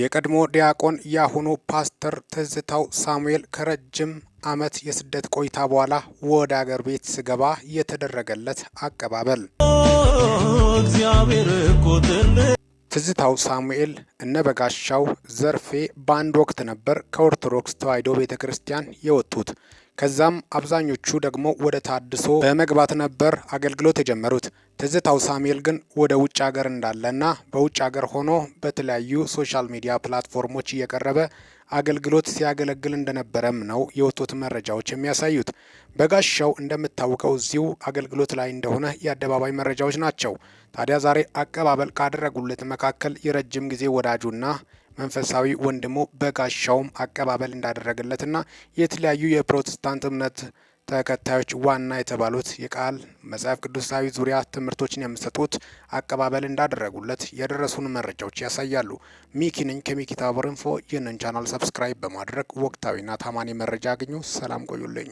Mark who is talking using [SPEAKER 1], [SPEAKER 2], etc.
[SPEAKER 1] የቀድሞ ዲያቆን ያሁኑ ፓስተር ትዝታው ሳሙኤል ከረጅም ዓመት የስደት ቆይታ በኋላ ወደ አገር ቤት ስገባ የተደረገለት አቀባበል እግዚአብሔር ትዝታው ሳሙኤል እነ በጋሻው ዘርፌ በአንድ ወቅት ነበር ከኦርቶዶክስ ተዋሕዶ ቤተ ክርስቲያን የወጡት። ከዛም አብዛኞቹ ደግሞ ወደ ታድሶ በመግባት ነበር አገልግሎት የጀመሩት። ትዝታው ሳሙኤል ግን ወደ ውጭ ሀገር እንዳለና በውጭ ሀገር ሆኖ በተለያዩ ሶሻል ሚዲያ ፕላትፎርሞች እየቀረበ አገልግሎት ሲያገለግል እንደነበረም ነው የወጡት መረጃዎች የሚያሳዩት። በጋሻው እንደምታውቀው እዚሁ አገልግሎት ላይ እንደሆነ የአደባባይ መረጃዎች ናቸው። ታዲያ ዛሬ አቀባበል ካደረጉለት መካከል የረጅም ጊዜ ወዳጁና መንፈሳዊ ወንድሙ በጋሻውም አቀባበል እንዳደረገለትና የተለያዩ የፕሮቴስታንት እምነት ተከታዮች ዋና የተባሉት የቃል መጽሐፍ ቅዱሳዊ ዙሪያ ትምህርቶችን የሚሰጡት አቀባበል እንዳደረጉለት የደረሱን መረጃዎች ያሳያሉ። ሚኪ ነኝ ከሚኪ ታቦር ኢንፎ። ይህንን ቻናል ሰብስክራይብ በማድረግ ወቅታዊና ታማኒ መረጃ አግኙ። ሰላም ቆዩልኝ።